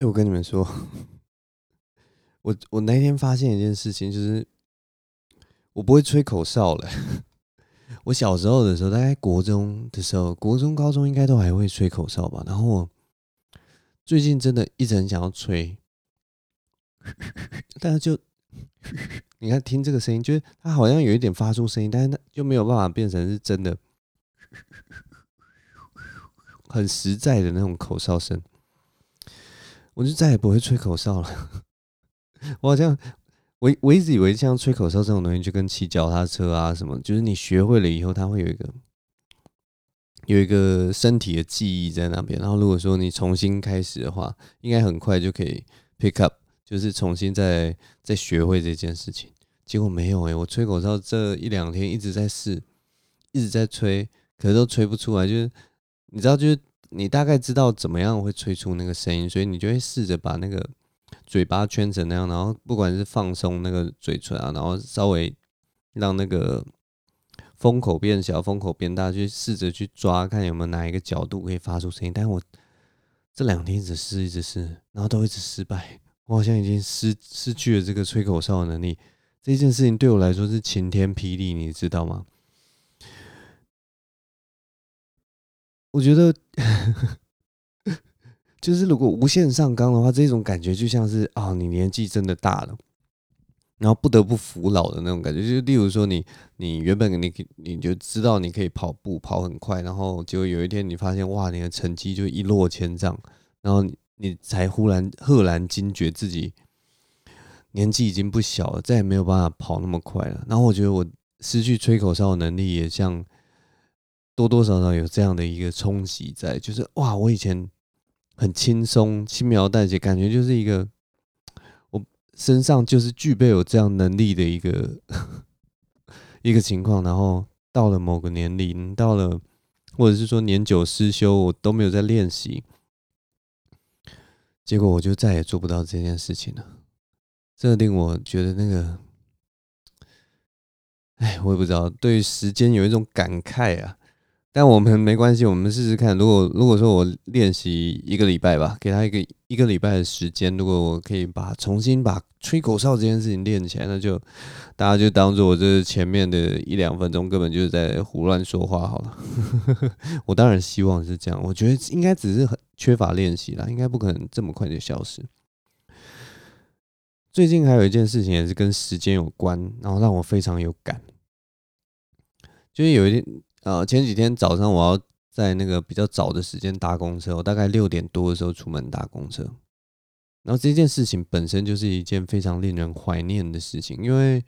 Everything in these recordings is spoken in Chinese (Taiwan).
哎，我跟你們說，我我那天發現一件事情，就是我不會吹口哨了。我小時候的時候，大概國中的時候，國中、高中應該都還會吹口哨吧。然後我最近真的一直很想要吹，但是就你看聽這個聲音，就是它好像有一點發出聲音，但是它就沒有辦法變成是真的、很實在的那種口哨聲。我就再也不會吹口哨了。我好像我我一直以為像吹口哨這種東西，就跟騎腳踏車啊什麼，就是你學會了以後，它會有一個有一個身體的記憶在那邊。然後如果說你重新開始的話，應該很快就可以 pick up，就是重新再再學會這件事情。結果沒有誒，我吹口哨這一兩天一直在試，一直在吹，可是都吹不出來，就是你知道，就是。你大概知道怎麼樣會吹出那個聲音，所以你就會試着把那個嘴巴圈成那樣，然後不管是放鬆那個嘴脣啊，然後稍微讓那個風口變小、風口變大，去試着去抓，看有沒有哪一個角度可以發出聲音。但我這兩天一直試，一直試，然後都一直失敗。我好像已經失失去了這個吹口哨的能力。這件事情對我來說是晴天霹靂，你知道嗎？我覺得呵呵，就是如果無限上綱的話，這種感覺就像是啊，你年紀真的大了，然後不得不服老的那種感覺。就例如說你，你你原本你你就知道你可以跑步跑很快，然後結果有一天你發現哇，你的成績就一落千丈，然後你才忽然赫然驚覺自己年紀已經不小了，再也沒有辦法跑那麼快了。然後我覺得我失去吹口哨的能力，也像。多多少少有這樣的一個衝擊在，就是哇，我以前很輕鬆、輕描淡寫，感覺就是一個我身上就是具備有這樣能力的一個呵呵一個情況，然後到了某個年齡，到了或者是說年久失修，我都沒有在練習，結果我就再也做不到這件事情了。這個令我覺得那個，哎，我也不知道，對於時間有一種感慨啊。但我們沒關係，我們試試看。如果如果說我練習一個禮拜吧，給他一個一個禮拜的時間，如果我可以把重新把吹口哨這件事情練起來，那就大家就當做我這前面的一兩分鐘根本就是在胡亂說話好了。 我當然希望是這樣，我覺得應該只是很缺乏練習啦，應該不可能這麼快就消失。最近還有一件事情也是跟時間有關，然後讓我非常有感，就是有一點。呃，前幾天早上我要在那個比較早的時間搭公車，我大概六點多的時候出門搭公車。然後這件事情本身就是一件非常令人懷念的事情，因為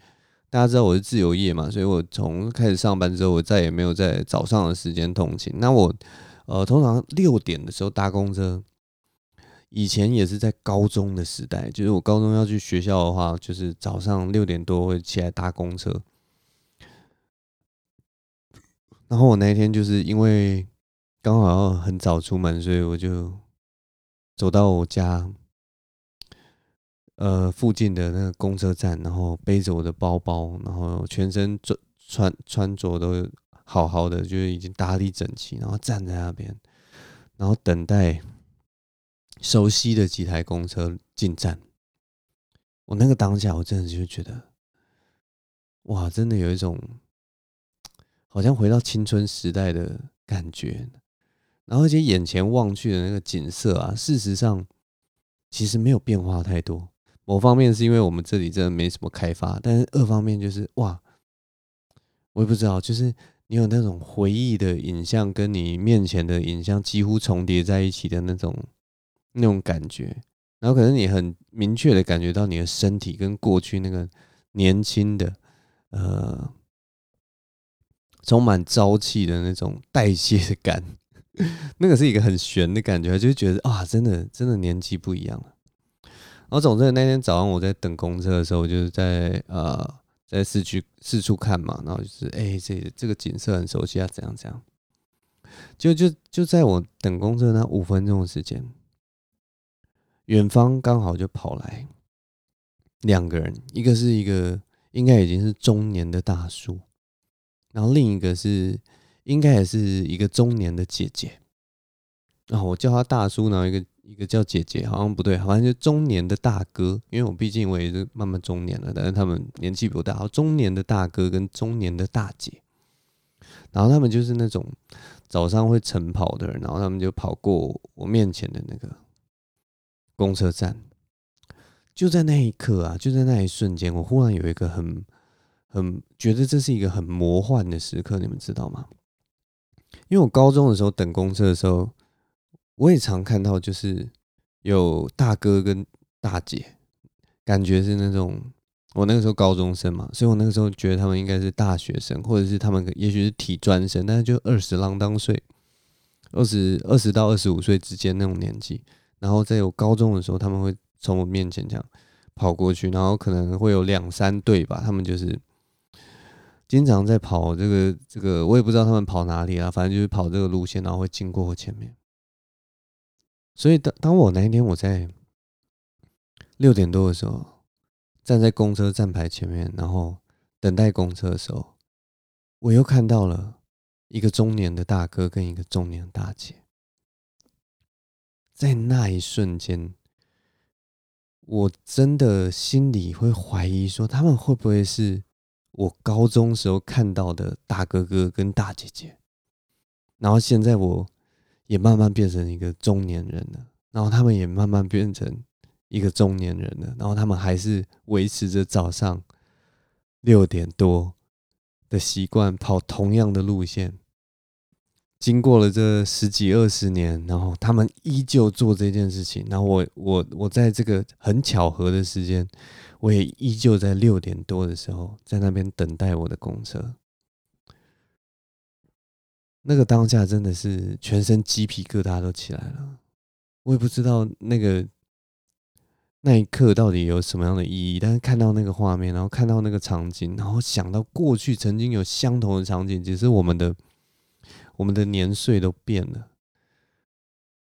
大家知道我是自由業嘛，所以我從開始上班之後，我再也沒有在早上的時間通勤。那我呃，通常六點的時候搭公車，以前也是在高中的時代，就是我高中要去學校的話，就是早上六點多會起來搭公車。然後我那一天就是因為剛好要很早出門，所以我就走到我家，呃，附近的那個公車站，然後背着我的包包，然後全身穿穿穿着都好好的，就是已經打理整齊，然後站在那邊，然後等待熟悉的幾台公車進站。我那個當下，我真的就覺得，哇，真的有一種。好像回到青春時代的感覺，然後而且眼前望去的那個景色啊，事實上其實沒有變化太多。某方面是因為我們這裡真的沒什麼開發，但是二方面就是哇，我也不知道，就是你有那種回憶的影像跟你面前的影像幾乎重疊在一起的那種那種感覺，然後可能你很明確的感覺到你的身體跟過去那個年輕的呃。充滿朝氣的那種代謝的感，那個是一個很玄的感覺，就覺得啊，真的真的年紀不一樣了。然後總之那天早上我在等公車的時候，我就是在呃在市區四處看嘛，然後就是哎、欸、這個、這個景色很熟悉啊，怎樣怎樣，就就就在我等公車那五分鐘的時間，遠方剛好就跑來兩個人，一個是一個應該已經是中年的大叔。然後另一個是，應該也是一個中年的姐姐，哦，然後我叫他大叔，然後一個一個叫姐姐，好像不對，好像就中年的大哥，因為我畢竟我也是慢慢中年了，但是他們年紀不大，中年的大哥跟中年的大姐，然後他們就是那種早上會晨跑的人，然後他們就跑過我面前的那個公車站，就在那一刻啊，就在那一瞬間，我忽然有一個很。很，覺得這是一個很魔幻的時刻，你們知道嗎？因為我高中的時候等公車的時候，我也常看到，就是有大哥跟大姐，感覺是那種我那個時候高中生嘛，所以我那個時候覺得他們應該是大學生，或者是他們也許是體專生，但是就二十啷當歲，二十二十到二十五歲之間那種年紀。然後在我高中的時候，他們會從我面前這樣跑過去，然後可能會有兩三對吧，他們就是。經常在跑這個這個，我也不知道他們跑哪裡啦、啊，反正就是跑這個路線，然後會經過我前面。所以當當我那一天我在六點多的時候，站在公車站牌前面，然後等待公車的時候，我又看到了一個中年的大哥跟一個中年的大姐。在那一瞬間，我真的心裡會懷疑說，他們會不會是？我高中時候看到的大哥哥跟大姐姐，然後現在我也慢慢變成一個中年人了，然後他們也慢慢變成一個中年人了，然後他們還是維持着早上六點多的習慣，跑同樣的路線。經過了這十幾二十年，然後他們依舊做這件事情，然後我我我在這個很巧合的時間。我也依舊在六點多的時候在那邊等待我的公車，那個當下真的是全身雞皮疙瘩都起來了。我也不知道那個那一刻到底有什麼樣的意義，但是看到那個畫面，然後看到那個場景，然後想到過去曾經有相同的場景，只是我們的我們的年歲都變了，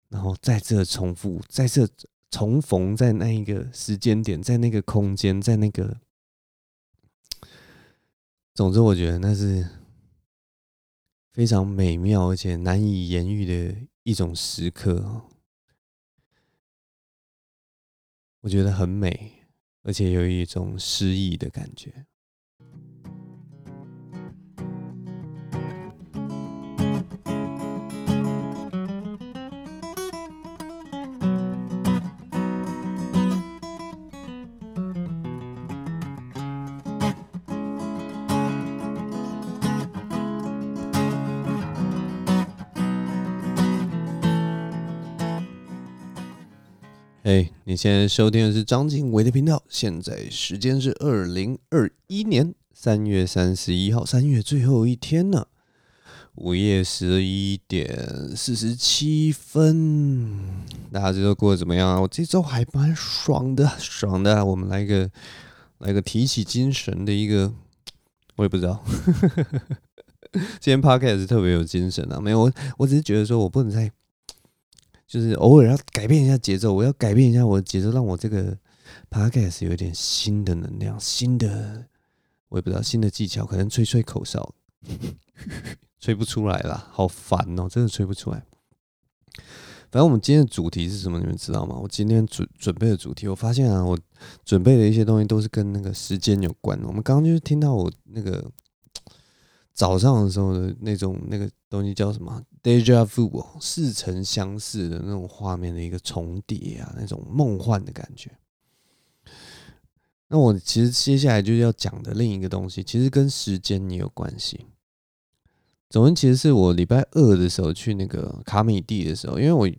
然後再次在這重複，在這。重逢在那一個時間點，在那個空間，在那個，總之，我覺得那是非常美妙而且難以言喻的一種時刻。我覺得很美，而且有一種詩意的感覺。哎，hey, 你現在收聽的是張經偉的頻道。現在時間是二零二一年三月三十一號，三月最後一天呢、啊，午夜十一點四十七分。大家這週過得怎麼樣啊？我這週還蠻爽的，爽的。我們來個，來個提起精神的一個，我也不知道。 今天 podcast 也是特別有精神啊，沒有我，我只是覺得說我不能再。就是偶爾要改變一下節奏，我要改變一下我的節奏，讓我這個 podcast 有一點新的能量，新的，我也不知道，新的技巧，可能吹吹口哨， 吹不出來啦，好煩哦、喔，真的吹不出來。反正我們今天的主題是什麼，你們知道嗎？我今天準準備的主題，我發現啊，我準備的一些東西都是跟那個時間有關的。我們剛剛就是聽到我那個。早上的時候的那種那個東西叫什麼？Deja vu，似曾相識的那種畫面的一個重疊啊，那種夢幻的感覺。那我其實接下來就要講的另一個東西，其實跟時間也有關係。總之，其實是我禮拜二的時候去那個卡米地的時候，因為我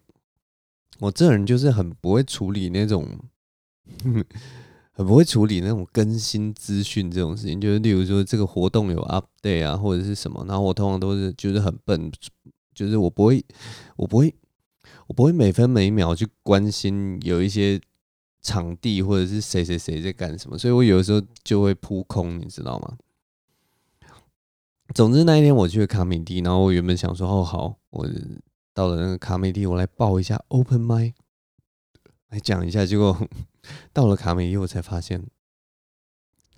我這人就是很不會處理那種。很不會處理那種更新資訊這種事情，就是例如說這個活動有 update 啊，或者是什麼，然後我通常都是就是很笨，就是我不會，我不會，我不會每分每秒去關心有一些場地或者是誰誰誰在幹什麼，所以我有的時候就會撲空，你知道嗎？總之那一天我去了卡米地，然後我原本想說哦好，好，我到了那個卡米地，我來報一下 open mic 來講一下，結果。 到了卡米利，我才發現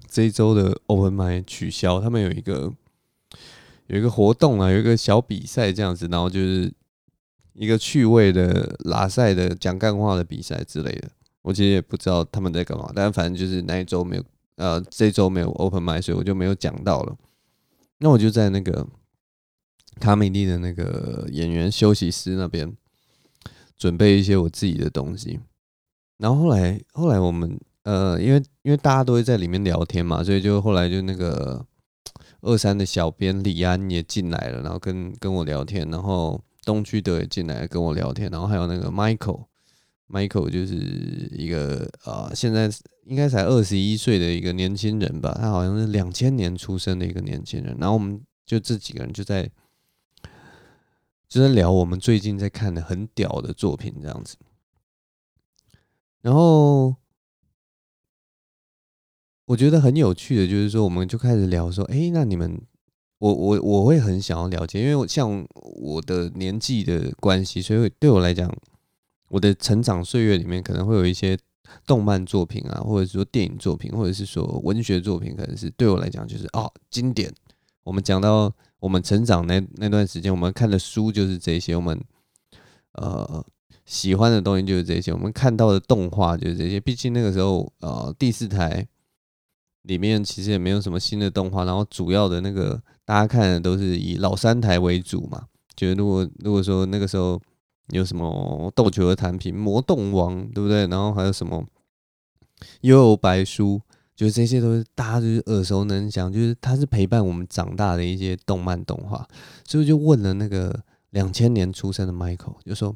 這一周的 open 麥取消。他們有一個有一個活動啊，有一個小比賽這樣子，然後就是一個趣味的拉賽的講幹話的比賽之類的。我其實也不知道他們在幹嘛，但反正就是那一周沒有，呃，這周沒有 open 麥，所以我就沒有講到了。那我就在那個卡米利的那個演員休息室那邊準備一些我自己的東西。然後後來，後來我們呃，因為因為大家都會在裡面聊天嘛，所以就後來就那個二三的小編李安也進來了，然後跟跟我聊天，然後東區德也進來跟我聊天，然後還有那個 Michael，Michael 就是一個呃，現在應該才二十一歲的一個年輕人吧，他好像是兩千年出生的一個年輕人，然後我們就這幾個人就在就在聊我們最近在看的很屌的作品這樣子。然後我覺得很有趣的，就是說，我們就開始聊說，誒，那你們，我我我會很想要了解，因為我像我的年紀的關係，所以對我來講，我的成長歲月裡面可能會有一些動漫作品啊，或者是說電影作品，或者是說文學作品，可能是對我來講就是哦，經典。我們講到我們成長那那段時間，我們看的書就是這些，我們呃。喜歡的東西就是這些，我們看到的動畫就是這些。畢竟那個時候，呃，第四台裡面其實也沒有什麼新的動畫，然後主要的那個大家看的都是以老三台為主嘛。就是如果如果說那個時候有什麼《鬥球》的彈平，《魔動王》，對不對？然後還有什麼《幽遊白書》，就是這些都是大家就是耳熟能詳，就是它是陪伴我們長大的一些動漫動畫。所以就問了那個兩千年出生的 Michael，就說，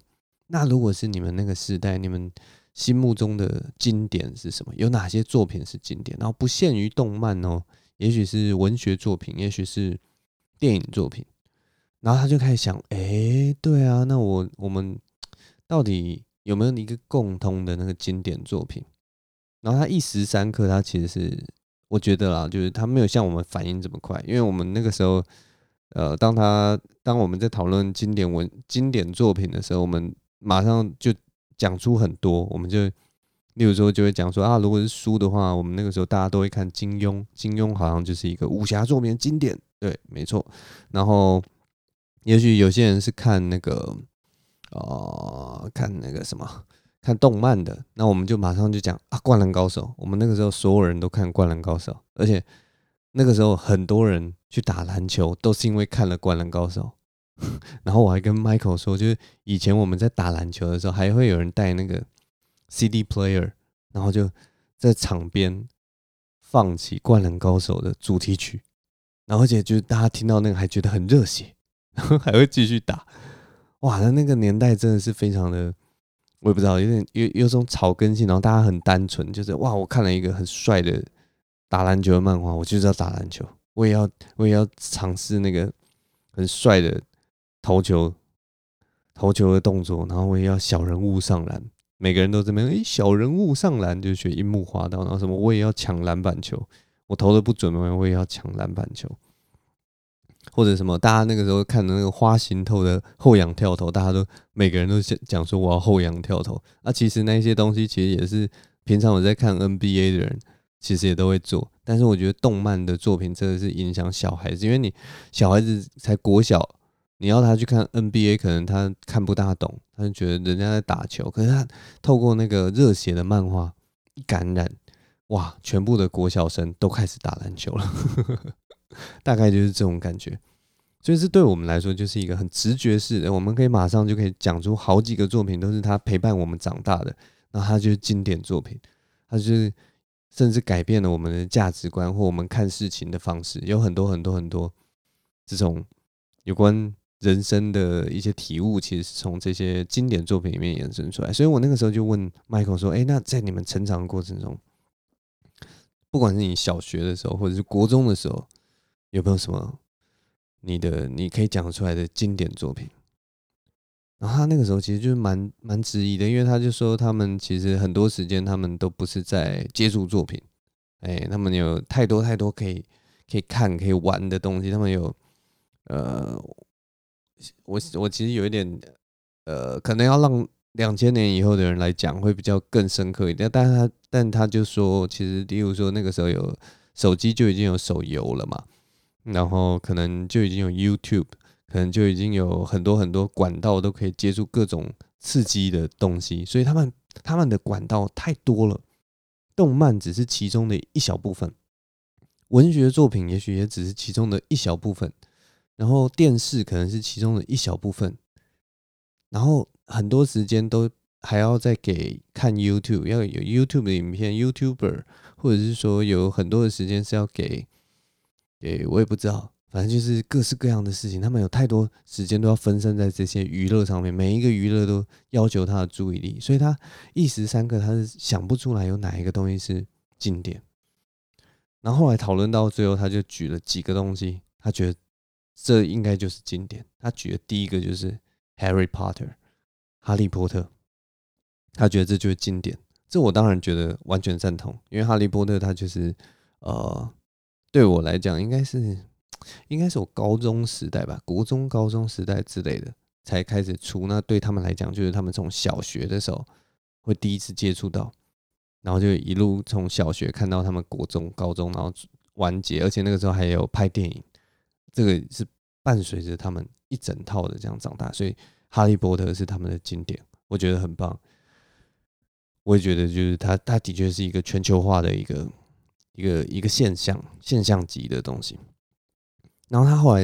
那如果是你們那個時代，你們心目中的經典是什麼？有哪些作品是經典？然後不限於動漫哦，也許是文學作品，也許是電影作品。然後他就開始想，欸，對啊，那我我們到底有沒有一個共通的那個經典作品？然後他一時三刻，他其實是我覺得啦，就是他沒有像我們反應這麼快，因為我們那個時候，呃，當他當我們在討論經典文經典作品的時候，我們。馬上就講出很多，我們就，例如說就會講說啊，如果是書的話，我們那個時候大家都會看金庸，金庸好像就是一個武俠作品經典，對，沒錯。然後，也許有些人是看那個，啊、呃，看那個什麼，看動漫的，那我們就馬上就講啊，灌籃高手，我們那個時候所有人都看灌籃高手，而且那個時候很多人去打籃球都是因為看了灌籃高手。然後我還跟 Michael 說，就是以前我們在打籃球的時候，還會有人帶那個 CD player，然後就在場邊放起《灌籃高手》的主題曲，然後而且就是大家聽到那個還覺得很熱血，然後還會繼續打。哇，那那個年代真的是非常的，我也不知道，有點有有一種草根性，然後大家很單純，就是哇，我看了一個很帥的打籃球的漫畫，我就知道打籃球，我也要我也要嘗試那個很帥的。投球、投球的動作，然後我也要小人物上籃，每個人都這麼樣、欸？小人物上籃就學櫻木花道，然後什麼我也要搶籃板球，我投的不準嘛，我也要搶籃板球，或者什麼大家那個時候看的那個花形透的後仰跳投，大家都每個人都講講說我要後仰跳投，那、啊、其實那些東西其實也是平常我在看 NBA 的人其實也都會做，但是我覺得動漫的作品真的是影響小孩子，因為你小孩子才國小。你要他去看 NBA，可能他看不大懂，他就覺得人家在打球。可是他透過那個熱血的漫畫一感染，哇，全部的國小生都開始打籃球了， 大概就是這種感覺。所以，這對我們來說就是一個很直覺式的，我們可以馬上就可以講出好幾個作品都是他陪伴我們長大的，那他就是經典作品，他就是甚至改變了我們的價值觀或我們看事情的方式，有很多很多很多這種有關。人生的一些體悟，其實是從這些經典作品裡面衍生出來。所以我那個時候就問 Michael 說：“哎，那在你們成長過程中，不管是你小學的時候，或者是國中的時候，有沒有什麼你的你可以講出來的經典作品？”然後他那個時候其實就是蠻蠻質疑的，因為他就說他們其實很多時間他們都不是在接觸作品，哎，他們有太多太多可以可以看、可以玩的東西，他們有呃。我我其實有一點，呃，可能要讓兩千年以後的人來講會比較更深刻一點，但是他但他就說，其實，例如說那個時候有手機就已經有手遊了嘛，然後可能就已經有 YouTube，可能就已經有很多很多管道，都可以接觸各種刺激的東西，所以他們他們的管道太多了，動漫只是其中的一小部分，文學作品也許也只是其中的一小部分。然後電視可能是其中的一小部分，然後很多時間都還要再給看 YouTube，要有 YouTube 的影片 YouTuber，或者是說有很多的時間是要給，給我也不知道，反正就是各式各樣的事情，他們有太多時間都要分散在這些娛樂上面，每一個娛樂都要求他的注意力，所以他一時三刻他是想不出來有哪一個東西是經典。然後後來討論到最後，他就舉了幾個東西，他覺得。這應該就是經典。他舉的第一個就是《Harry Potter》，哈利波特。他覺得這就是經典。這我當然覺得完全贊同，因為哈利波特他就是，呃，對我來講應該是，應該是我高中時代吧，國中、高中時代之類的才開始出。那對他們來講，就是他們從小學的時候會第一次接觸到，然後就一路從小學看到他們國中、高中，然後完結。而且那個時候還有拍電影。這個是伴隨着他們一整套的這樣長大，所以《哈利波特》是他們的經典，我覺得很棒。我也覺得，就是它，它的確是一個全球化的一個、一個、一個現象，現象級的東西。然後他後來，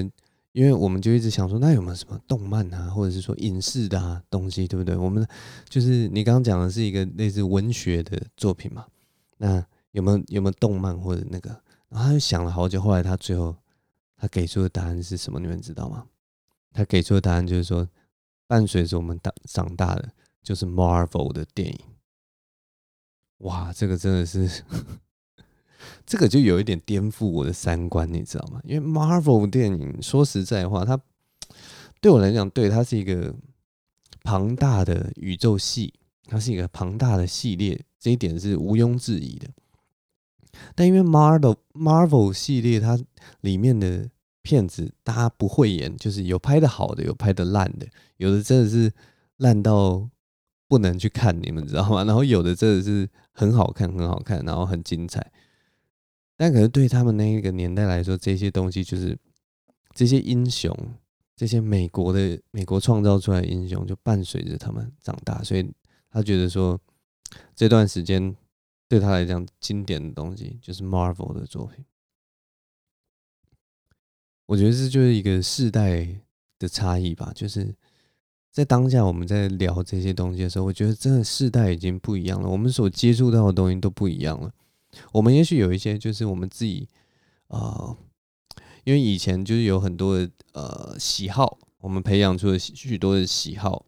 因為我們就一直想說，那有沒有什麼動漫啊，或者是說影視的啊東西，對不對？我們就是你剛剛講的是一個類似文學的作品嘛？那有沒有有沒有動漫或者那個？然後他就想了好久，後來他最後。他給出的答案是什麼？你們知道嗎？他給出的答案就是說，伴隨着我們長長大的就是 Marvel 的電影。哇，這個真的是， 這個就有一點顛覆我的三觀，你知道嗎？因為 Marvel 電影，說實在話，它對我來講，對它是一個龐大的宇宙系，它是一個龐大的系列，這一點是毋庸置疑的。但因為 Marvel Marvel 系列，它裡面的片子大家不會演，就是有拍得好的，有拍得爛的，有的真的是爛到不能去看，你們知道嗎？然後有的真的是很好看，很好看，然後很精彩。但可是對他們那個年代來說，這些東西就是這些英雄，這些美國的美國創造出來的英雄，就伴隨着他們長大，所以他覺得說這段時間。對他來講，經典的東西就是 Marvel 的作品。我覺得這就是一個世代的差異吧。就是在當下我們在聊這些東西的時候，我覺得真的世代已經不一樣了。我們所接觸到的東西都不一樣了。我們也許有一些，就是我們自己呃，因為以前就是有很多的呃喜好，我們培養出了許許多的喜好，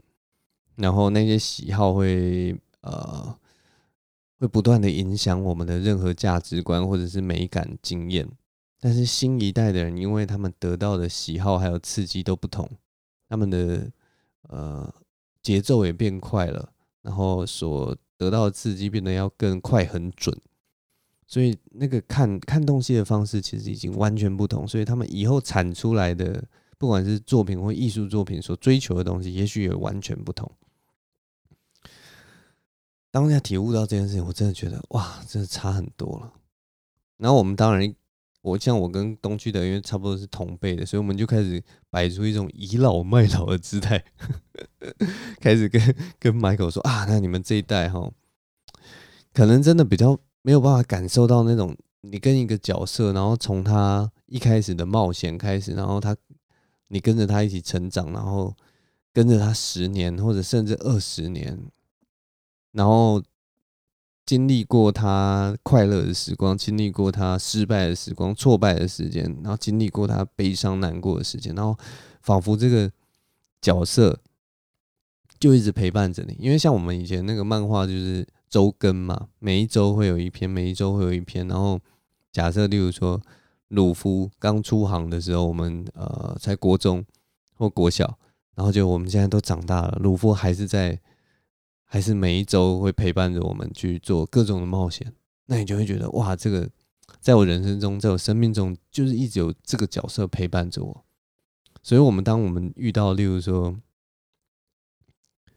然後那些喜好會呃。會不斷的影響我們的任何價值觀或者是美感經驗，但是新一代的人，因為他們得到的喜好還有刺激都不同，他們的呃節奏也變快了，然後所得到的刺激變得要更快很準，所以那個看看東西的方式其實已經完全不同，所以他們以後產出來的，不管是作品或藝術作品所追求的東西，也許也完全不同。當下體悟到這件事情，我真的覺得哇，真的差很多了。然後我們當然，我像我跟東區的，因為差不多是同輩的，所以我們就開始擺出一種倚老賣老的姿態，開始跟跟 Michael 說啊，那你們這一代哈，可能真的比較沒有辦法感受到那種你跟一個角色，然後從他一開始的冒險開始，然後他你跟着他一起成長，然後跟着他十年或者甚至二十年。然後經歷過他快樂的時光，經歷過他失敗的時光、挫敗的時間，然後經歷過他悲傷難過的時間，然後仿佛這個角色就一直陪伴着你。因為像我們以前那個漫畫就是周更嘛，每一周會有一篇，每一周會有一篇。然後假設，例如說魯夫剛出航的時候，我們呃才國中或國小，然後就我們現在都長大了，魯夫還是在。還是每一周會陪伴着我們去做各種的冒險，那你就會覺得哇，這個在我人生中，在我生命中，就是一直有這個角色陪伴着我。所以，我們當我們遇到，例如說，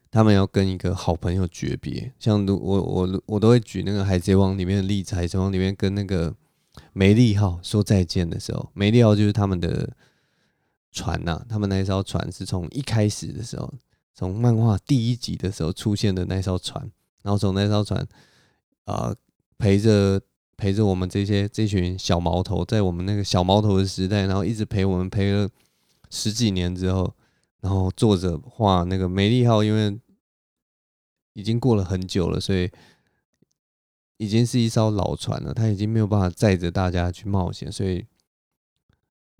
他們要跟一個好朋友訣別，像我我我都會舉那個《海賊王》裡面的例子，《海賊王》裡面跟那個梅利號說再見的時候，梅利號就是他們的船吶、啊，他們那艘船是從一開始的時候。從漫畫第一集的時候出現,的那艘船，然後從那艘船，呃，陪着陪着我們這些這群小毛頭，在我們那個小毛頭的時代，然後一直陪我們陪了十幾年之後，然後作者畫那個梅利號，因為已經過了很久了，所以已經是一艘老船了，他已經沒有辦法載着大家去冒險，所以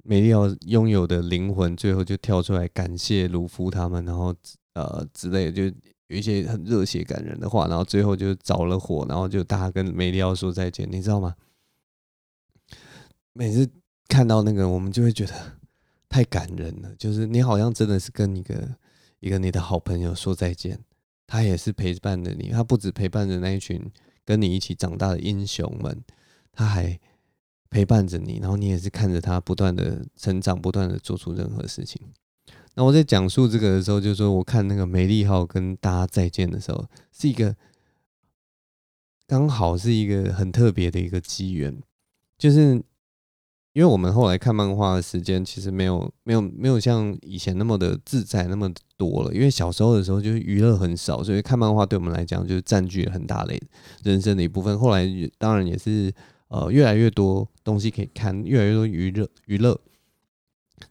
梅利號擁有的靈魂最後就跳出來感謝魯夫他們，然後。呃，之類的就有一些很熱血感人的話，然後最後就着了火，然後就大家跟梅利奧說再見，你知道嗎？每次看到那個，我們就會覺得太感人了，就是你好像真的是跟一個一個你的好朋友說再見，他也是陪伴着你，他不止陪伴着那一群跟你一起長大的英雄們，他還陪伴着你，然後你也是看着他不斷的成長，不斷的做出任何事情。那我在講述這個的時候，就是說我看那個《美麗號》跟大家再見的時候，是一個剛好是一個很特別的一個機緣，就是因為我們後來看漫畫的時間，其實沒有沒有沒有像以前那麼的自在那麼多了。因為小時候的時候，就是娛樂很少，所以看漫畫對我們來講，就是佔據了很大類人生的一部分。後來也當然也是呃越來越多東西可以看，越來越多娛樂娛樂。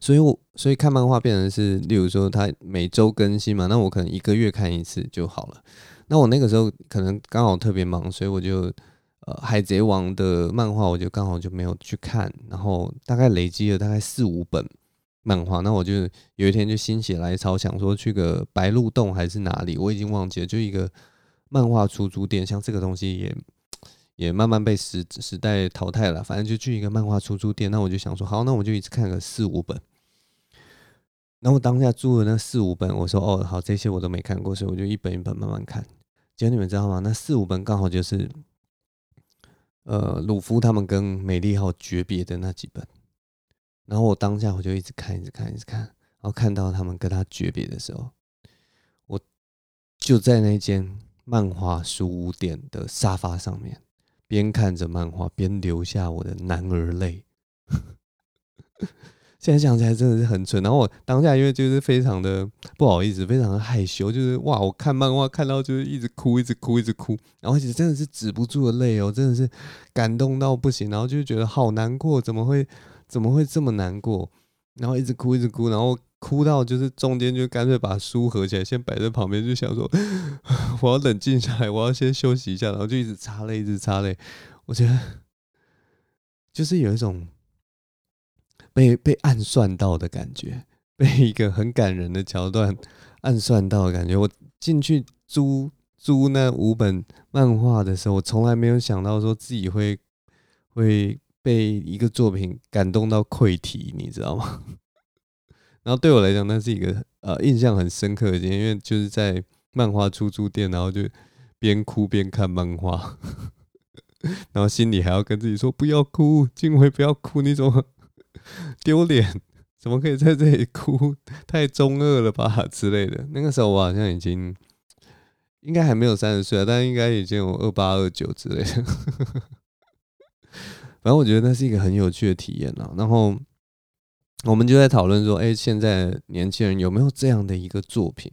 所以我所以看漫畫變成是，例如說他每周更新嘛，那我可能一個月看一次就好了。那我那個時候可能剛好特別忙，所以我就呃《海賊王》的漫畫我就剛好就沒有去看，然後大概累積了大概四五本漫畫。那我就有一天就心血來潮，想說去個白鹿洞還是哪裡，我已經忘記了，就一個漫畫出租店，像這個東西也。也慢慢被時時代淘汰了，反正就去一個漫畫出租店。那我就想說，好，那我就一直看個四五本。然後我當下租了那四五本，我說，哦，好，這些我都沒看過，所以我就一本一本慢慢看。結果你們知道嗎？那四五本剛好就是，呃，魯夫他們跟梅利號訣別的那幾本。然後我當下我就一直看，一直看，一直看，然後看到他們跟他訣別的時候，我就在那間漫畫書店的沙發上面。邊看着漫畫邊流下我的男兒淚，現在想起來真的是很蠢。然後我當下因為就是非常的不好意思，非常的害羞，就是哇！我看漫畫看到就是一直哭，一直哭，一直哭，然後其實真的是止不住的淚哦，真的是感動到不行，然後就覺得好難過，怎麼會怎麼會這麼難過？然後一直哭，一直哭，然後。哭到就是中間就乾脆把書合起來，先擺在旁邊，就想說我要冷靜下來，我要先休息一下，然後就一直擦淚，一直擦淚。我覺得就是有一種被被暗算到的感覺，被一個很感人的橋段暗算到的感覺。我進去租租那五本漫畫的時候，我從來沒有想到說自己會會被一個作品感動到潰堤，你知道嗎？然後對我來講，那是一個呃印象很深刻的經驗，因為就是在漫畫出租店，然後就邊哭邊看漫畫，然後心裡還要跟自己說，不要哭，今回不要哭，那種，丟臉？怎麼可以在這裡哭？太中二了吧之類的。那個時候我好像已經應該還沒有三十歲了，但應該已經有二八二九之類的。 反正我覺得那是一個很有趣的體驗啊，然後。我們就在討論說，欸，現在年輕人有沒有這樣的一個作品，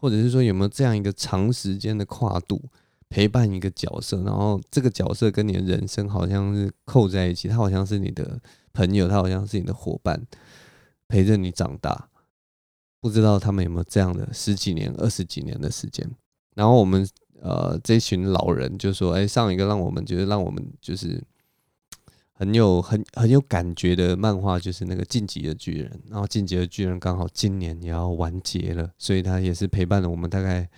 或者是說有沒有這樣一個長時間的跨度陪伴一個角色，然後這個角色跟你的人生好像是扣在一起，他好像是你的朋友，他好像是你的夥伴，陪着你長大。不知道他們有沒有這樣的十幾年、二十幾年的時間。然後我們呃，這群老人就說，欸，上一個讓我們覺得，讓我們就是。很有很很有感覺的漫畫，就是那個《進擊的巨人》，然後《進擊的巨人》剛好今年也要完結了，所以他也是陪伴了我們大概，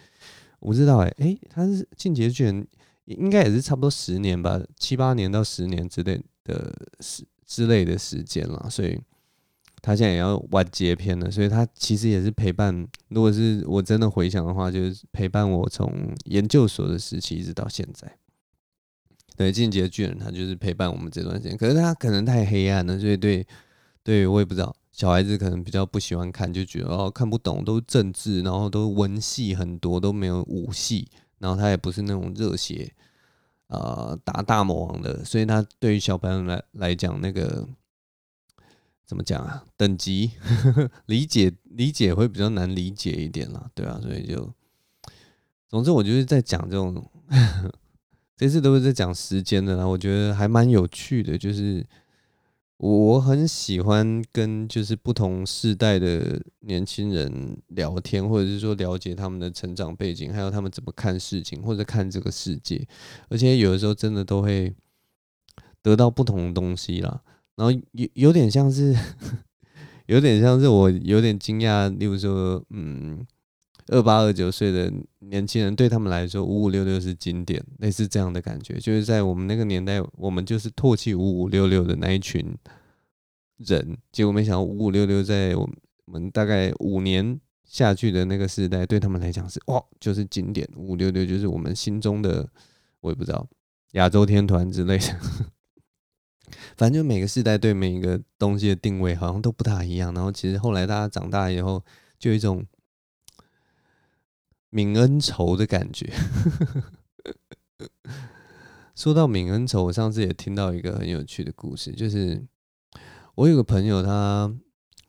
我不知道哎、欸、哎、欸，他是《進擊的巨人》應該也是差不多十年吧，七八年，到十年之類的時之類的時間了，所以他現在也要完結篇了，所以他其實也是陪伴。如果是我真的回想的話，就是陪伴我從研究所的時期一直到現在。對，進擊巨人他就是陪伴我們這段時間，可是他可能太黑暗了，所以對，對我也不知道，小孩子可能比較不喜歡看，就覺得哦看不懂，都政治，然後都文戲很多，都沒有武戲，然後他也不是那種熱血，呃，打大魔王的，所以他對於小朋友來來講，那個怎麼講啊？等級 理解理解會比較難理解一點了，對吧、啊？所以就，總之我就是在講這種。 這次都是在講時間的啦，我覺得還蠻有趣的。就是我很喜歡跟就是不同世代的年輕人聊天，或者是說了解他們的成長背景，還有他們怎麼看事情或者看這個世界。而且有的時候真的都會得到不同的東西啦，然後有有點像是呵呵，有點像是我有點驚訝，例如說，嗯。二八二九歲的年輕人對他們來說，五五六六是經典，類似這樣的感覺。就是在我們那個年代，我們就是唾棄五五六六的那一群人。結果沒想到，五五六六在我們大概五年下去的那個時代，對他們來講是哇，就是經典。五五六六就是我們心中的，我也不知道亞洲天團之類的。反正就每個時代對每一個東西的定位好像都不大一樣。然後其實後來大家長大以後，就有一種。泯恩仇的感覺。 說到泯恩仇，我上次也聽到一個很有趣的故事，就是我有個朋友，他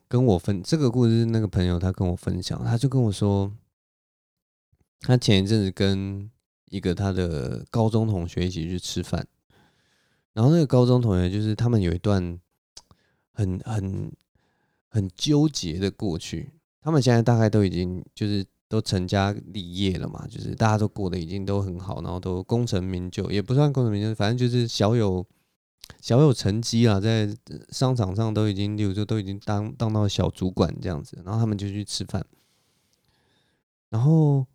跟我分這個故事，是那個朋友他跟我分享，他就跟我說，他前一陣子跟一個他的高中同學一起去吃飯，然後那個高中同學，就是他們有一段很很很糾結的過去，他們現在大概都已經就是。都成家立業了嘛，就是大家都過得已經都很好，然後都功成名就，也不算功成名就，反正就是小有小有成績啦，在商場上都已經，例如說都已經當當到小主管這樣子，然後他們就去吃飯，然後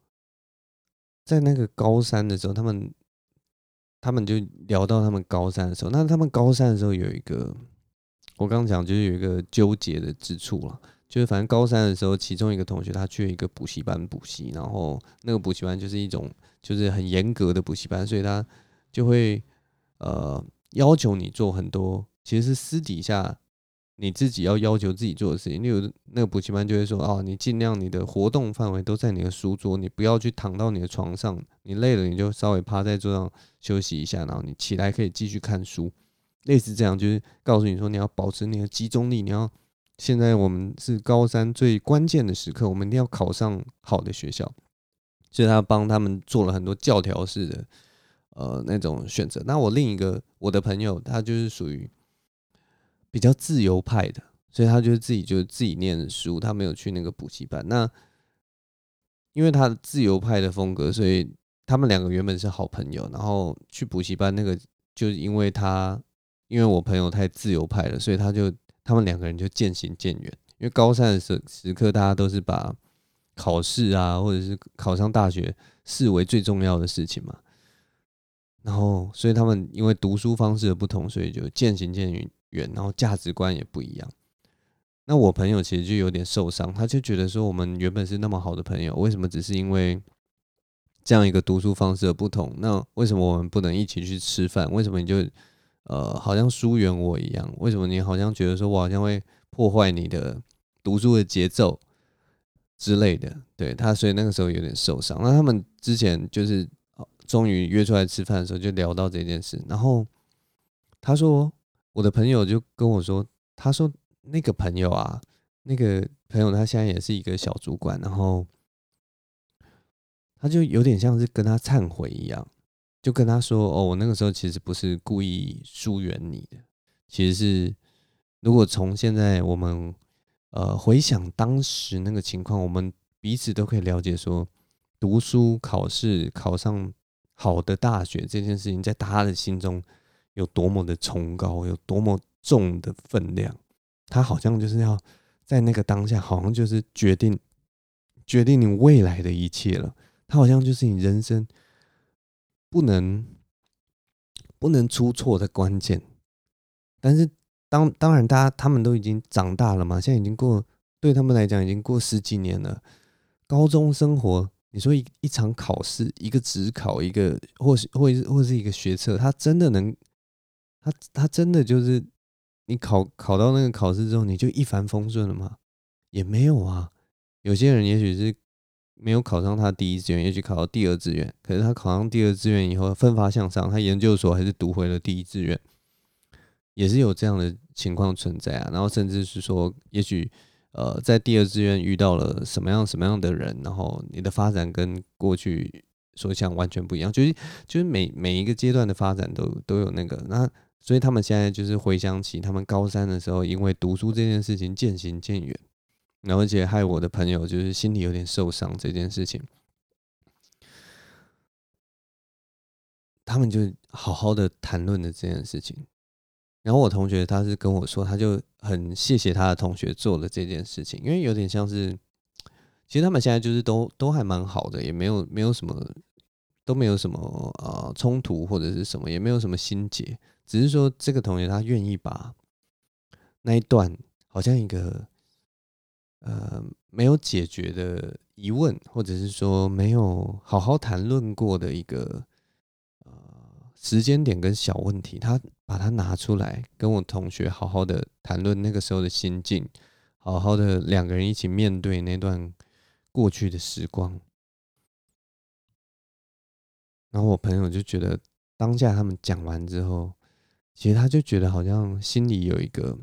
在那個高三的時候，他們他們就聊到他們高三的時候，那他們高三的時候有一個，我剛講就是有一個糾結的之處啦。就是反正高三的時候，其中一個同學他去一個補習班補習，然後那個補習班就是一種就是很嚴格的補習班，所以他就會呃要求你做很多，其實是私底下你自己要要求自己做的事情。例如那個補習班就會說哦、啊，你儘量你的活動範圍都在你的書桌，你不要去躺到你的床上，你累了你就稍微趴在桌上休息一下，然後你起來可以繼續看書，類似這樣，就是告訴你說你要保持你的集中力，你要。現在我們是高三最關鍵的時刻，我們一定要考上好的學校。所以他幫他們做了很多教條式的呃那種選擇。那我另一個我的朋友，他就是屬於比較自由派的，所以他就是自己就自己念書，他沒有去那個補習班。那因為他的自由派的風格，所以他們兩個原本是好朋友，然後去補習班那個，就是因為他因為我朋友太自由派了，所以他就。他們兩個人就漸行漸遠，因為高三的時時刻，大家都是把考試啊，或者是考上大學視為最重要的事情嘛。然後，所以他們因為讀書方式的不同，所以就漸行漸遠，遠，然後價值觀也不一樣。那我朋友其實就有點受傷，他就覺得說，我們原本是那麼好的朋友，為什麼只是因為這樣一個讀書方式的不同？那為什麼我們不能一起去吃飯？為什麼你就？呃，好像疏遠我一樣，為什麼你好像覺得說我好像會破壞你的讀書的節奏之類的？對，他所以那個時候有點受傷。那他們之前就是終於約出來吃飯的時候，就聊到這件事。然後他說，我的朋友就跟我說，他說那個朋友啊，那個朋友他現在也是一個小主管，然後他就有點像是跟他懺悔一樣。就跟他說：“哦，我那個時候其實不是故意疏遠你的，其實是如果從現在我們呃回想當時那個情況，我們彼此都可以了解說，說讀書考試考上好的大學這件事情，在他的心中有多麼的崇高，有多麼重的分量。他好像就是要在那個當下，好像就是決定決定你未來的一切了。他好像就是你人生。”不能不能出錯的關鍵，但是當當然，大家他們都已經長大了嘛，現在已經過對他們來講已經過十幾年了。高中生活，你說一一場考試，一個指考，一個或是或是或是一個學測，他真的能，他他真的就是你考考到那個考試之後，你就一帆風順了嗎？也沒有啊，有些人也許是。沒有考上他第一志願，也許考到第二志願。可是他考上第二志願以後，奮發向上，他研究所還是讀回了第一志願，也是有這樣的情況存在啊。然後甚至是說，也許呃，在第二志願遇到了什麼樣什麼樣的人，然後你的發展跟過去所想完全不一樣。就是就是每每一個階段的發展都都有那個那，所以他們現在就是回想起他們高三的時候，因為讀書這件事情漸行漸遠。然後，而且害我的朋友就是心裡有點受傷這件事情，他們就好好的談論的這件事情。然後我同學他是跟我說，他就很謝謝他的同學做了這件事情，因為有點像是，其實他們現在就是都都還蠻好的，也沒有沒有什麼都沒有什麼呃衝突或者是什麼，也沒有什麼心結，只是說這個同學他願意把那一段好像一個。呃，沒有解決的疑問，或者是說沒有好好談論過的一個呃時間點跟小問題，他把它拿出來跟我同學好好的談論那個時候的心境，好好的兩個人一起面對那段過去的時光。然後我朋友就覺得，當下他們講完之後，其實他就覺得好像心裡有一個。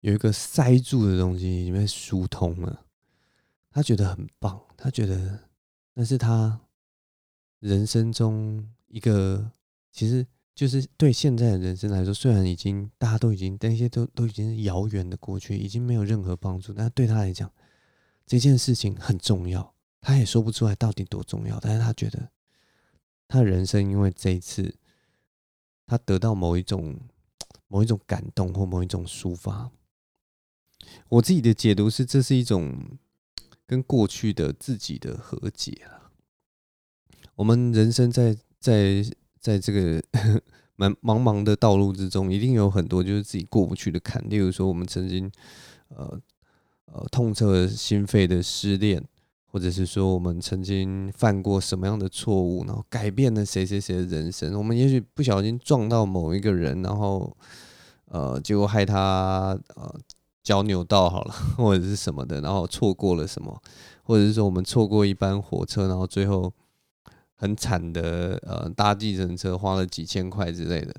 有一個塞住的東西，裡面疏通了，他覺得很棒。他覺得那是他人生中一個，其實就是對現在的人生來說，雖然已經大家都已經那些都都已經是遙遠的過去，已經沒有任何幫助，但對他來講，這件事情很重要。他也說不出來到底多重要，但是他覺得他人生因為這一次，他得到某一種某一種感動或某一種抒發。我自己的解讀是，這是一種跟過去的自己的和解了、啊。我們人生在在在這個蠻 茫茫的道路之中，一定有很多就是自己過不去的坎。例如說，我們曾經呃呃痛徹心扉的失戀，或者是說我們曾經犯過什麼樣的錯誤，然後改變了誰誰誰的人生。我們也許不小心撞到某一個人，然後呃，結果害他呃。腳扭到好了，或者是什麼的，然後錯過了什麼，或者是說我們錯過一班火車，然後最後很慘的呃搭計程車，花了幾千塊之類的，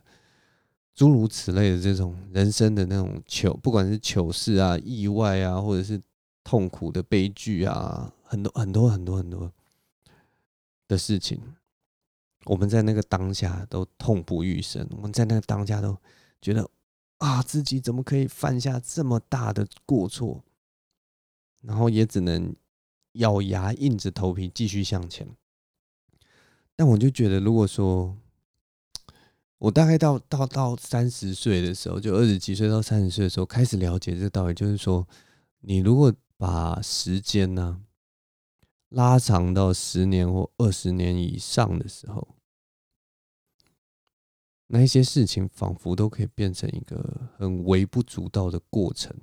諸如此類的這種人生的那種糗，不管是糗事啊、意外啊，或者是痛苦的悲劇啊，很多很多很多很多的事情，我們在那個當下都痛不欲生，我們在那個當下都覺得。啊！自己怎麼可以犯下這麼大的過錯？然後也只能咬牙硬着頭皮繼續向前。但我就覺得，如果說我大概到到到三十歲的時候，就二十七歲到三十歲的時候開始了解這個道理，就是說，你如果把時間呢、啊、拉長到十年或二十年以上的時候。那些事情仿佛都可以變成一個很微不足道的過程，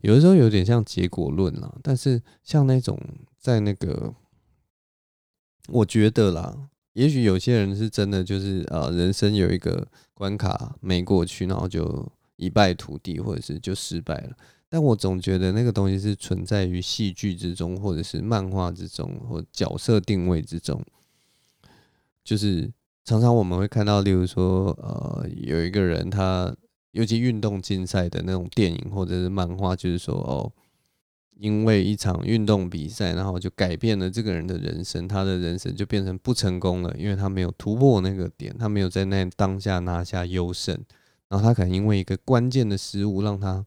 有的時候有點像結果論了。但是像那種在那個，我覺得啦，也許有些人是真的就是啊，人生有一個關卡沒過去，然後就一敗塗地，或者是就失敗了。但我總覺得那個東西是存在於戲劇之中，或者是漫畫之中，或角色定位之中，就是。常常我們會看到，例如說，呃，有一個人他，他尤其運動競賽的那種電影或者是漫畫，就是說，哦，因為一場運動比賽，然後就改變了這個人的人生，他的人生就變成不成功了，因為他沒有突破那個點，他沒有在那當下拿下優勝，然後他可能因為一個關鍵的失誤，讓他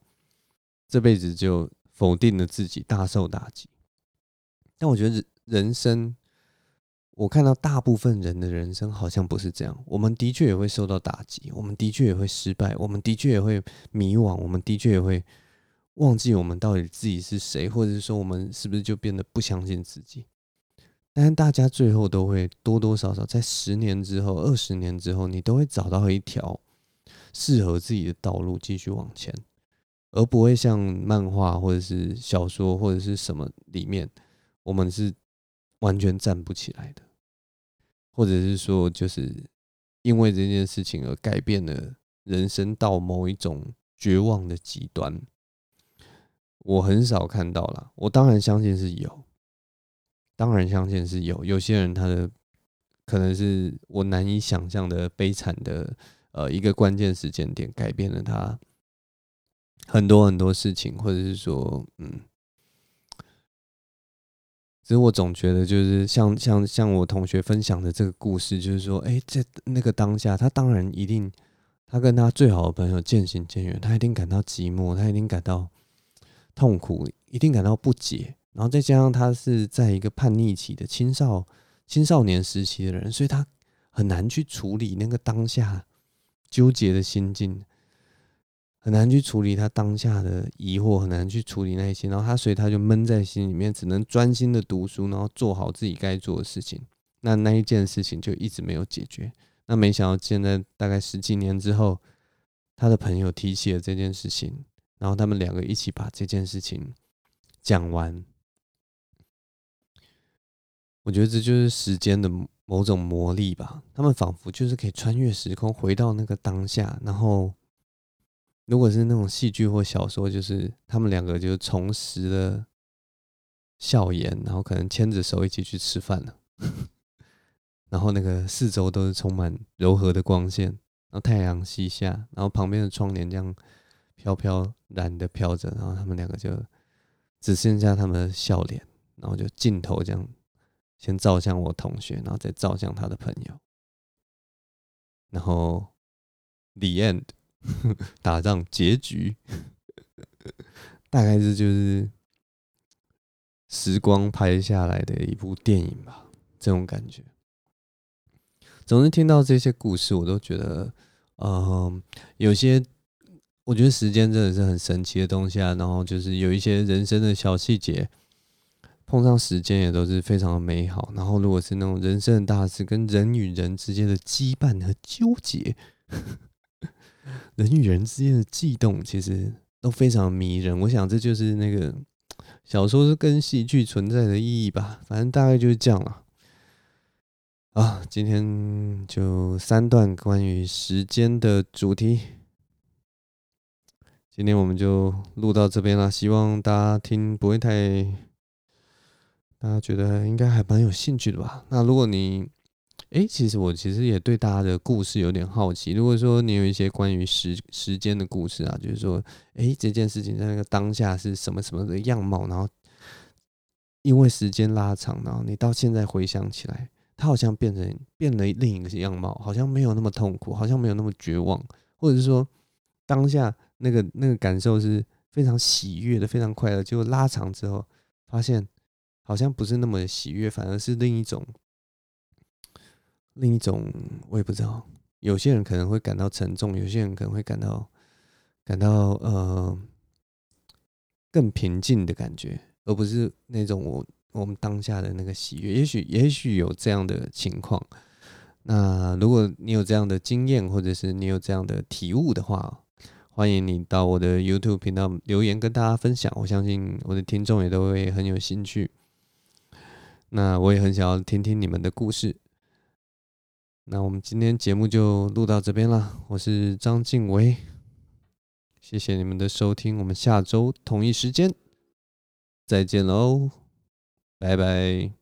這輩子就否定了自己，大受打擊。但我覺得人生。我看到大部分人的人生好像不是這樣。我們的確也會受到打擊，我們的確也會失敗，我們的確也會迷惘，我們的確也會忘記我們到底自己是誰，或者是說我們是不是就變得不相信自己。但是大家最後都會多多少少在十年之後、二十年之後，你都會找到一條適合自己的道路繼續往前，而不會像漫畫或者是小說或者是什麼裡面，我們是。完全站不起來的，或者是說，就是因為這件事情而改變了人生到某一種絕望的極端，我很少看到啦。我當然相信是有，當然相信是有。有些人他的可能是我難以想象的悲慘的，呃，一個關鍵時間點改變了他很多很多事情，或者是說，嗯。其實我總覺得，就是像像像我同學分享的這個故事，就是說，哎，這那個當下，他當然一定，他跟他最好的朋友漸行漸遠，他一定感到寂寞，他一定感到痛苦，一定感到不解，然後再加上他是在一個叛逆期的青少青少年時期的人，所以他很難去處理那個當下糾結的心境。很難去處理他當下的疑惑，很難去處理那些，然後他所以他就悶在心裡面，只能專心的讀書，然後做好自己該做的事情。那那一件事情就一直沒有解決。那沒想到現在大概十幾年之後，他的朋友提起了這件事情，然後他們兩個一起把這件事情講完。我覺得這就是時間的某種魔力吧，他們仿佛就是可以穿越時空，回到那個當下，然後。如果是那種戲劇或小說，就是他們兩個就重拾了笑顏，然後可能牽着手一起去吃飯了。 然後那個四周都是充滿柔和的光線，然後太陽西下，然後旁邊的窗簾這樣飄飄然的飄着，然後他們兩個就只剩下他們的笑臉，然後就鏡頭這樣先照向我同學，然後再照向他的朋友，然後 The end。 打仗結局， 大概是就是時光拍下來的一部電影吧，這種感覺。總是聽到這些故事，我都覺得，嗯、呃，有些我覺得時間真的是很神奇的東西啊。然後就是有一些人生的小細節，碰上時間也都是非常的美好。然後如果是那種人生的大事，跟人與人之間的羈絆和糾結。人與人之間的悸動其實都非常迷人，我想這就是那個小說跟戲劇存在的意義吧。反正大概就是這樣了。啊，今天就三段關於時間的主題，今天我們就錄到這邊了。希望大家聽不會太，大家覺得應該還蠻有興趣的吧？那如果你……哎，其實我其實也對大家的故事有點好奇。如果說你有一些關於時時間的故事啊，就是說，哎，這件事情在那個當下是什麼什麼的樣貌，然後因為時間拉長，然後你到現在回想起來，它好像變成變了另一個樣貌，好像沒有那麼痛苦，好像沒有那麼絕望，或者是說當下那個那個感受是非常喜悅的，非常快樂，結果拉長之後發現好像不是那麼喜悅，反而是另一種。另一種我也不知道，有些人可能會感到沉重，有些人可能會感到感到呃更平靜的感覺，而不是那種我我們當下的那個喜悅。也許也許有這樣的情況，那如果你有這樣的經驗，或者是你有這樣的體悟的話，歡迎你到我的 YouTube 頻道留言跟大家分享。我相信我的聽眾也都會很有興趣。那我也很想要聽聽你們的故事。那我們今天節目就錄到這邊了，我是張靜偉，謝謝你們的收聽，我們下周同一時間再見嘍，拜拜。